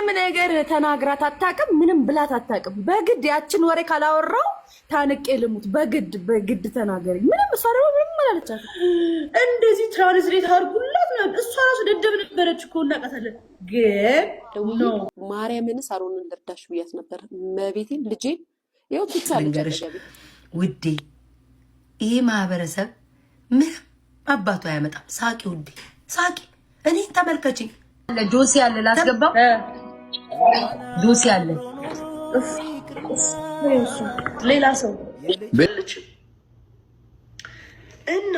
ምንም ነገር ተናግራት አታውቅም። ምንም ብላት አታውቅም። በግድ ያችን ወሬ ካላወራው ታንቄ ልሙት። በግድ በግድ ተናገሪ። ምንም እሷ ደግሞ ምንም አላለቻት። እንደዚህ ትራንስሌት አድርጉላት ነው። እሷ ራሱ ደደብ ነበረች እኮ እናውቃታለን። ግን ማርያምን ሳሮንን ልርዳሽ ብያት ነበር። መቤቴን ልጄን ይኸው ትቻለች። ውዴ ይሄ ማህበረሰብ ምንም አባቱ አያመጣም። ሳቂ ውዴ ሳቂ። እኔን ተመልከችኝ። ጆሲ ያለ ላስገባው ዱስ ያለ ሌላ ሰው እና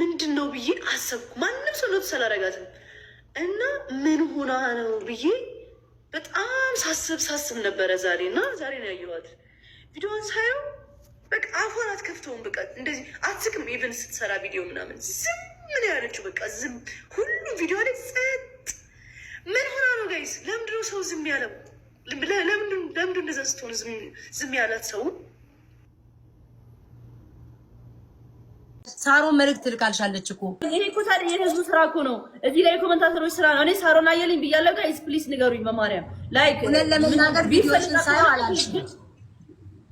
ምንድን ነው ብዬ አሰብኩ። ማንም ሰው ኖት አላደርጋትም እና ምን ሆና ነው ብዬ በጣም ሳስብ ሳስብ ነበረ ዛሬ እና ዛሬ ነው ያየኋት። ቪዲዮን ሳየው በቃ አፏን አትከፍተውም። በቃ እንደዚህ አትስቅም። ኢቨን ስትሰራ ቪዲዮ ምናምን ዝም ምን ያለችው በቃ ዝም ሁሉ ቪዲዮ ላይ ጸጥ ምን ሆና ነው ጋይስ። ነው ሰው ዝም ያለው? ለምንድን እንደዛ ስትሆን ዝም ያላት ሰው? ሳሮን መልዕክት ልካልሻለች እኮ እኔ እኮ ታዲያ የህዝቡ ስራ እኮ ነው። እዚህ ላይ ኮመንታተሮች ስራ ነው። እኔ ሳሮን አየልኝ ብያለሁ። ጋይስ ፕሊስ ንገሩኝ በማርያም ላይክ እውነት ለመናገር ቪዲዮችን ሳየው አላልሽም።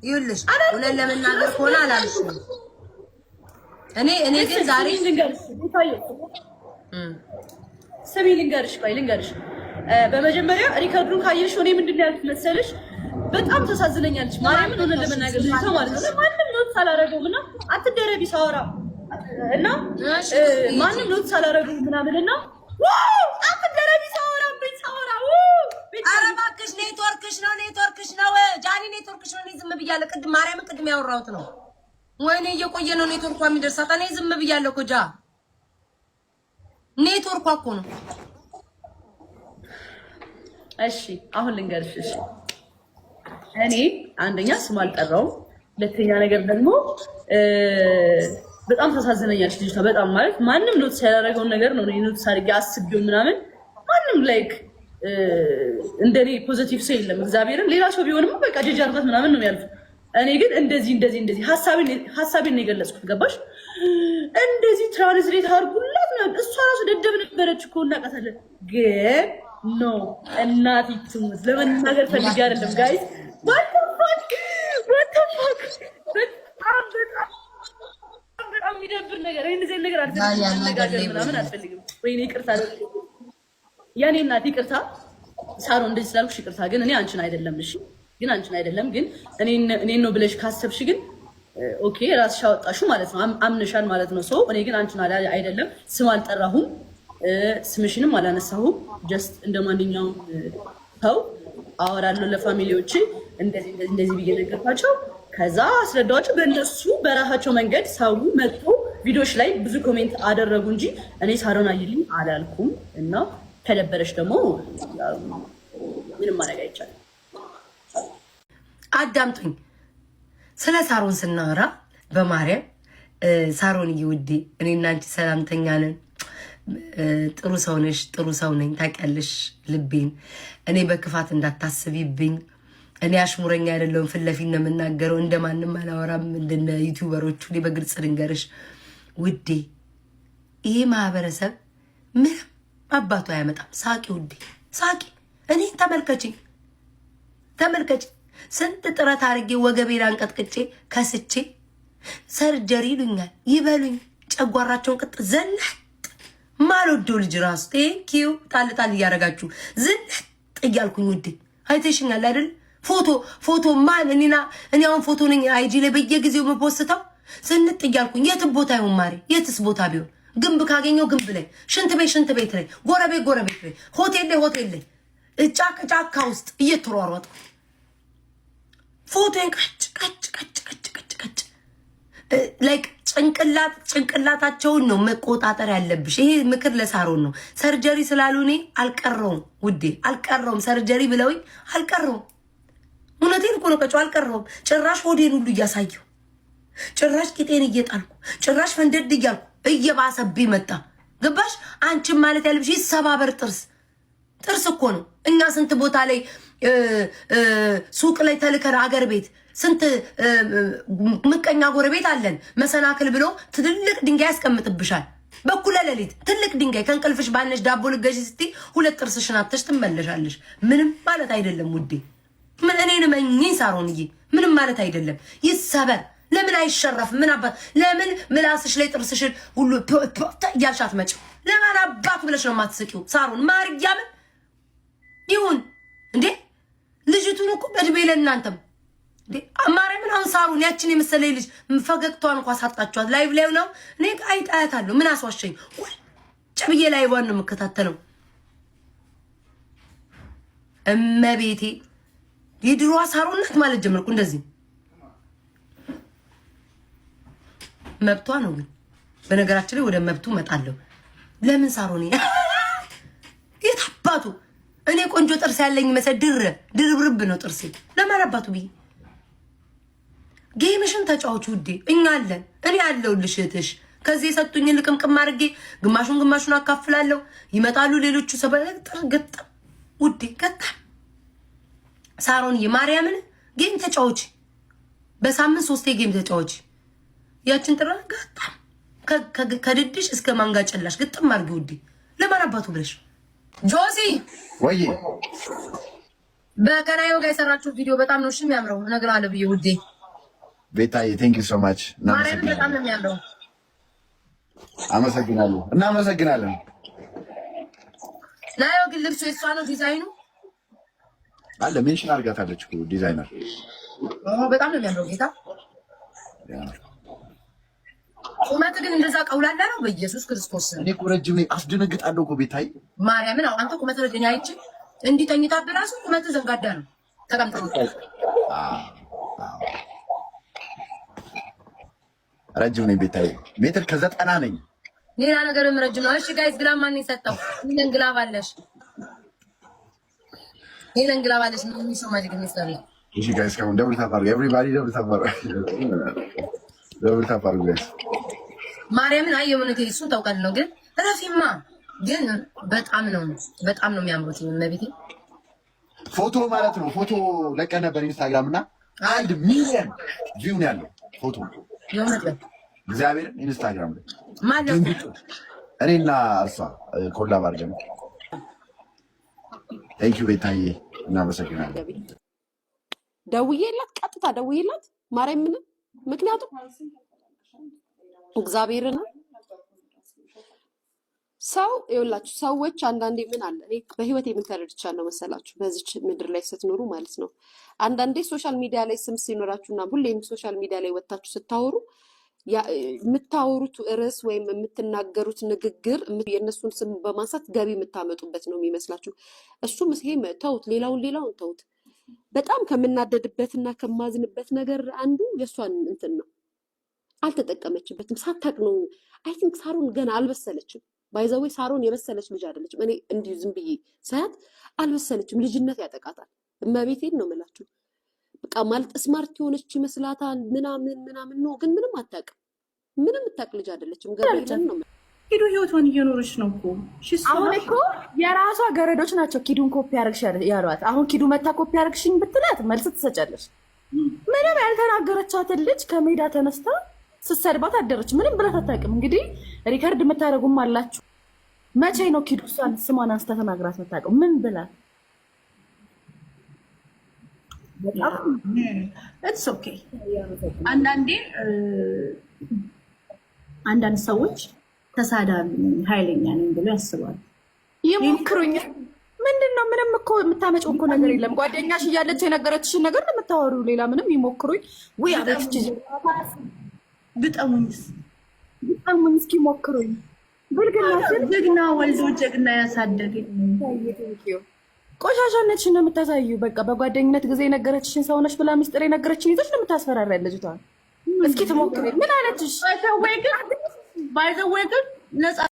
ይኸውልሽ እውነት ለመናገር ከሆነ አላልሽም። እኔ እኔ ግን ዛሬ ልንገርሽ ስሚ ልንገርሽ ቆይ ልንገርሽ በመጀመሪያ ሪከርዱን ካየሽ እኔ ምንድን ያልኩት መሰለሽ በጣም ተሳዝነኛለች። ማርያምን ሆነ ለመናገር ልጅቷ ማለት ነው። ማንም ኖትስ አላደረገውም እና አትደረቢ ሳወራ እና ማንም ኖትስ አላደረገውም ምናምን እና አትደረቢ ሳወራብኝ ሳወራ ኧረ እባክሽ ኔትወርክሽ ነው ኔትወርክሽ ነው ጃኒ ኔትወርክሽ ነው። እኔ ዝም ብያለሁ። ቅድም ማርያምን ቅድም ያወራሁት ነው። ወይኔ እየቆየ ነው ኔትወርኳ የሚደርሳት። እኔ ዝም ብያለሁ እኮ ጃ ኔትወርኳ እኮ ነው እሺ አሁን ልንገርሽ። እሺ እኔ አንደኛ ስም አልጠራውም፣ ሁለተኛ ነገር ደግሞ በጣም ታሳዝነኛለች ልጅቷ። በጣም ማለት ማንም ኖትስ ያላደረገውን ነገር ነው ኖትስ አድርጌ አስቤው ምናምን ማንም ላይክ እንደኔ ፖዘቲቭ ሰው የለም። እግዚአብሔርን ሌላ ሰው ቢሆንም በቃ ጀጅ አድርጓት ምናምን ነው ያልኩት። እኔ ግን እንደዚህ እንደዚህ እንደዚህ ሀሳቤን ነው የገለጽኩት። ገባሽ? እንደዚህ ትራንስሌት አድርጉላት ምናምን። እሷ ራሱ ደደብ ነበረች እኮ እናውቃታለን ግን ኖ እናት ትሙት ለመናገር ፈልጌ አይደለም። ጋይ በጣም እናት ይቅርታ፣ ሳሮ እንደዚህ ስላልኩሽ ይቅርታ። ግን እኔ አንቺን አይደለም እሺ፣ ግን አንቺን አይደለም ግን እኔን ነው ብለሽ ካሰብሽ ግን ኦኬ፣ ራስሽ አወጣሽው ማለት ነው። አምነሻል ማለት ነው ሰው። እኔ ግን አንቺን አይደለም ስም አልጠራሁም ስምሽንም አላነሳሁም። ጀስት እንደ ማንኛውም ሰው አወራለሁ ለፋሚሊዎች እንደዚህ ብዬ ነገርኳቸው። ከዛ አስረዳኋቸው። በእነሱ በራሳቸው መንገድ ሰው መጥቶ ቪዲዮዎች ላይ ብዙ ኮሜንት አደረጉ እንጂ እኔ ሳሮን አይልኝ አላልኩም። እና ከደበረች ደግሞ ምንም ማድረግ አይቻልም። አዳምጡኝ። ስለ ሳሮን ስናወራ በማርያም ሳሮን እየውዴ እኔ እናንቺ ሰላምተኛ ነን ጥሩ ሰው ነሽ፣ ጥሩ ሰው ነኝ፣ ታውቂያለሽ ልቤን፣ እኔ በክፋት እንዳታስቢብኝ፣ እኔ አሽሙረኛ አይደለሁም፣ ፊት ለፊት ነው የምናገረው፣ እንደማንም አላወራም፣ እንደነ ዩቲዩበሮቹ። እኔ በግልጽ ልንገርሽ ውዴ፣ ይሄ ማህበረሰብ ምንም አባቱ አያመጣም። ሳቂ ውዴ፣ ሳቂ። እኔ ተመልከችኝ፣ ተመልከች ስንት ጥረት አድርጌ ወገቤን አንቀጥቅጬ ከስቼ ሰርጀሪ ይሉኛል፣ ይበሉኝ፣ ጨጓራቸውን ቅጥ ዘናል ማልወደው ልጅ ራሱ ቴንኪዩ ጣል ጣል እያደረጋችሁ ዝንጥ እያልኩኝ ውዴ አይተሽኛል አይደል? ፎቶ ፎቶ ማን እኔና እኔ አሁን ፎቶ ነኝ አይጂ ላይ በየጊዜው መፖስተው ዝንጥ እያልኩኝ የትም ቦታ ይሁን ማሪ የትስ ቦታ ቢሆን ግንብ ካገኘው ግንብ ላይ፣ ሽንት ቤት ሽንት ቤት ላይ፣ ጎረቤት ጎረቤት ላይ፣ ሆቴል ላይ ሆቴል ላይ፣ ጫካ ጫካ ውስጥ እየተሯሯጥኩ ፎቶዬን ቀጭ ቀጭ ቀጭ ቀጭ ቀጭ ላይክ ጭንቅላት ጭንቅላታቸውን ነው መቆጣጠር ያለብሽ። ይሄ ምክር ለሳሮን ነው። ሰርጀሪ ስላሉ እኔ አልቀረውም ውዴ፣ አልቀረውም ሰርጀሪ ብለውኝ አልቀረውም። እውነቴን እኮ ነው ቀጮ አልቀረውም። ጭራሽ ሆዴን ሁሉ እያሳየው፣ ጭራሽ ቂጤን እየጣልኩ፣ ጭራሽ ፈንደድ እያልኩ እየባሰብኝ መጣ። ገባሽ? አንቺም ማለት ያለብሽ ይሰባበር ጥርስ ጥርስ እኮ ነው። እኛ ስንት ቦታ ላይ ሱቅ ላይ ተልከን አገር ቤት ስንት ምቀኛ ጎረቤት አለን። መሰናክል ብሎ ትልቅ ድንጋይ ያስቀምጥብሻል። በኩለ ሌሊት ትልቅ ድንጋይ ከእንቅልፍሽ ባነሽ ዳቦ ልገዢ ስትይ ሁለት ጥርስሽን አተሽ ትመለሻለሽ። ምንም ማለት አይደለም ውዴ፣ ምን እኔን መኝኝ ሳሮንዬ፣ ምንም ማለት አይደለም። ይሰበር ለምን አይሸረፍ? ምን አባት ለምን ምላስሽ ላይ ጥርስሽን ሁሉ እያልሽ አትመጪው? ለማን አባቱ ብለሽ ነው የማትስቂው? ሳሮን ማርያምን ይሁን እንዴ ልጅቱን እኮ በእድሜ ለእናንተም ምን አሁን ሳሩን ያችን የመሰለ ልጅ ፈገግታዋን እንኳ ሳጣችኋት። ላይቭ ላይ ነው እኔ አይጣያታለሁ። ምን አስዋሸኝ? ቁጭ ብዬ ላይቫን ነው የምከታተለው። እመቤቴ የድሮ ሳሩን ናት ማለት ጀመርኩ። እንደዚህ መብቷ ነው ግን በነገራችን ላይ ወደ መብቱ መጣለሁ። ለምን ሳሩን ጥርስ ያለኝ መሰል ድር ድርብርብ ነው ጥርሴ። ለማራባቱ ብዬ ጌምሽን ተጫዎች ውዴ፣ እኛ አለን። እኔ አለሁልሽ እህትሽ። ከዚህ የሰጡኝ ልቅምቅም አድርጌ ግማሹን ግማሹን አካፍላለሁ። ይመጣሉ ሌሎቹ ጥር ገጣ ውዴ፣ ገጣ ሳሮን የማርያምን ጌም ተጫዎች፣ በሳምንት ሶስቴ ጌም ተጫዎች። ያችን ጥራ ገጣም ከድድሽ እስከ ማንጋ ጨላሽ ግጥም አድርጌ ውዴ፣ ለማራባቱ ብለሽ ጆሲ ወይ በከናዮ ጋር የሰራችሁ ቪዲዮ በጣም ነው እሺ የሚያምረው። እነግርሃለሁ ብዬ ውዴ ቤታዬ ቴንክ ዩ ሶ ማች ማርያም በጣም ነው የሚያምረው። አመሰግናለሁ እና ናዮ ግን ልብሱ የሷ ነው ዲዛይኑ አለ ሜንሽን አድርጋታለች ዲዛይነር። በጣም ነው የሚያምረው ጌታ ቁመት ግን እንደዛ ቀውላላ ነው። በኢየሱስ ክርስቶስ እኔ እኮ ረጅም ነኝ። አስደነግጣለሁ እኮ ቤታይ ማርያምን። አሁን አንተ ቁመት ረጅም አይቼ እንዲህ ተኝታ በራሱ ቁመት ዘንጋዳ ነው ተቀምጠ ረጅም ነኝ ቤታይ ሜትር ከዘጠና ነኝ። ሌላ ነገርም ረጅም ነው። እሺ ጋይዝ ግላብ ማን የሰጠው? ይሄን ግላብ አለሽ፣ ይሄን ግላብ አለሽ። ምን ሰው ማጅግ ሚስተር ነው። እሺ ጋይስ፣ ካሁን ደብል ታፋሩ ኤቭሪባዲ ደብል ታፋሩ ደብል ታፋሩ ጋይስ ማርያምን አይ የሆነ እሱን ታውቃል ነው። ግን ረፊማ ግን በጣም ነው በጣም ነው የሚያምሩት መቤቴ ፎቶ ማለት ነው። ፎቶ ለቀ ነበር ኢንስታግራም እና አንድ ሚሊዮን ቪው ነው ያለው ፎቶ እግዚአብሔር ኢንስታግራም ላይ ማለት እኔና እሷ ኮላብ አድርገን ቴንክ ቤታዬ፣ እናመሰግናለን። ደውዬላት ቀጥታ ደውዬላት ማርያም ምንም ምክንያቱም ነው። ሰው ይኸውላችሁ፣ ሰዎች አንዳንዴ ምን አለ እኔ በህይወት ነው መሰላችሁ በዚች ምድር ላይ ስትኖሩ ማለት ነው። አንዳንዴ ሶሻል ሚዲያ ላይ ስም ሲኖራችሁና ሁሌም ሶሻል ሚዲያ ላይ ወጥታችሁ ስታወሩ የምታወሩት ርዕስ ወይም የምትናገሩት ንግግር የእነሱን ስም በማንሳት ገቢ የምታመጡበት ነው የሚመስላችሁ። እሱም ይሄ ተውት፣ ሌላውን ሌላውን ተውት። በጣም ከምናደድበትና ከማዝንበት ነገር አንዱ የእሷን እንትን ነው አልተጠቀመችበትም። ሳታቅ ነው አይ ቲንክ ሳሮን ገና አልበሰለችም። ባይዘዌ ሳሮን የበሰለች ልጅ አይደለችም። እኔ እንዲሁ ዝም ብዬ ሳያት አልበሰለችም። ልጅነት ያጠቃታል። እመቤቴን ነው የምላችሁ። በቃ ማለት ስማርት የሆነች ይመስላታል ምናምን ምናምን ነው፣ ግን ምንም አታውቅም። ምንም የምታውቅ ልጅ አይደለችም። ገበሬ ነው ኪዱ ህይወቷን እየኖረች ነው እኮ። አሁን እኮ የራሷ ገረዶች ናቸው ኪዱን ኮፒ ያደርግሽ ያሏት። አሁን ኪዱ መታ ኮፒ ያደርግሽኝ ብትላት መልስ ትሰጫለች። ምንም ያልተናገረቻትን ልጅ ከሜዳ ተነስታ ስትሰድባት አደረች። ምንም ብላት አታውቅም። እንግዲህ ሪከርድ የምታደርጉም አላችሁ። መቼ ነው ኪዱሳን ስሟን አንስተ ተናግራት የምታውቀው? ምን ብላ አንዳንዴ አንዳንድ ሰዎች ተሳዳቢ ኃይለኛ ነኝ ብሎ ያስባሉ። ይሞክሩኛል። ምንድን ነው? ምንም እኮ የምታመጭ እኮ ነገር የለም። ጓደኛሽ እያለች የነገረችሽን ነገር ነው የምታወሩ። ሌላ ምንም ይሞክሩኝ ወይ አቤት ብጠሙኝስ ብጠሙኝ እስኪ ሞክሩኝ። ጀግና ወልዶ ጀግና ያሳደገኝ ቆሻሻነትሽን ነው የምታሳዩ። በቃ በጓደኝነት ጊዜ የነገረችሽን ሰው ብላ ሚስጥር የነገረችን ይዘሽ ነው የምታስፈራሪያ ልጅቷን። እስኪ ትሞክሪ ምን አለችሽ? ባይዘወይ ግን ነፃ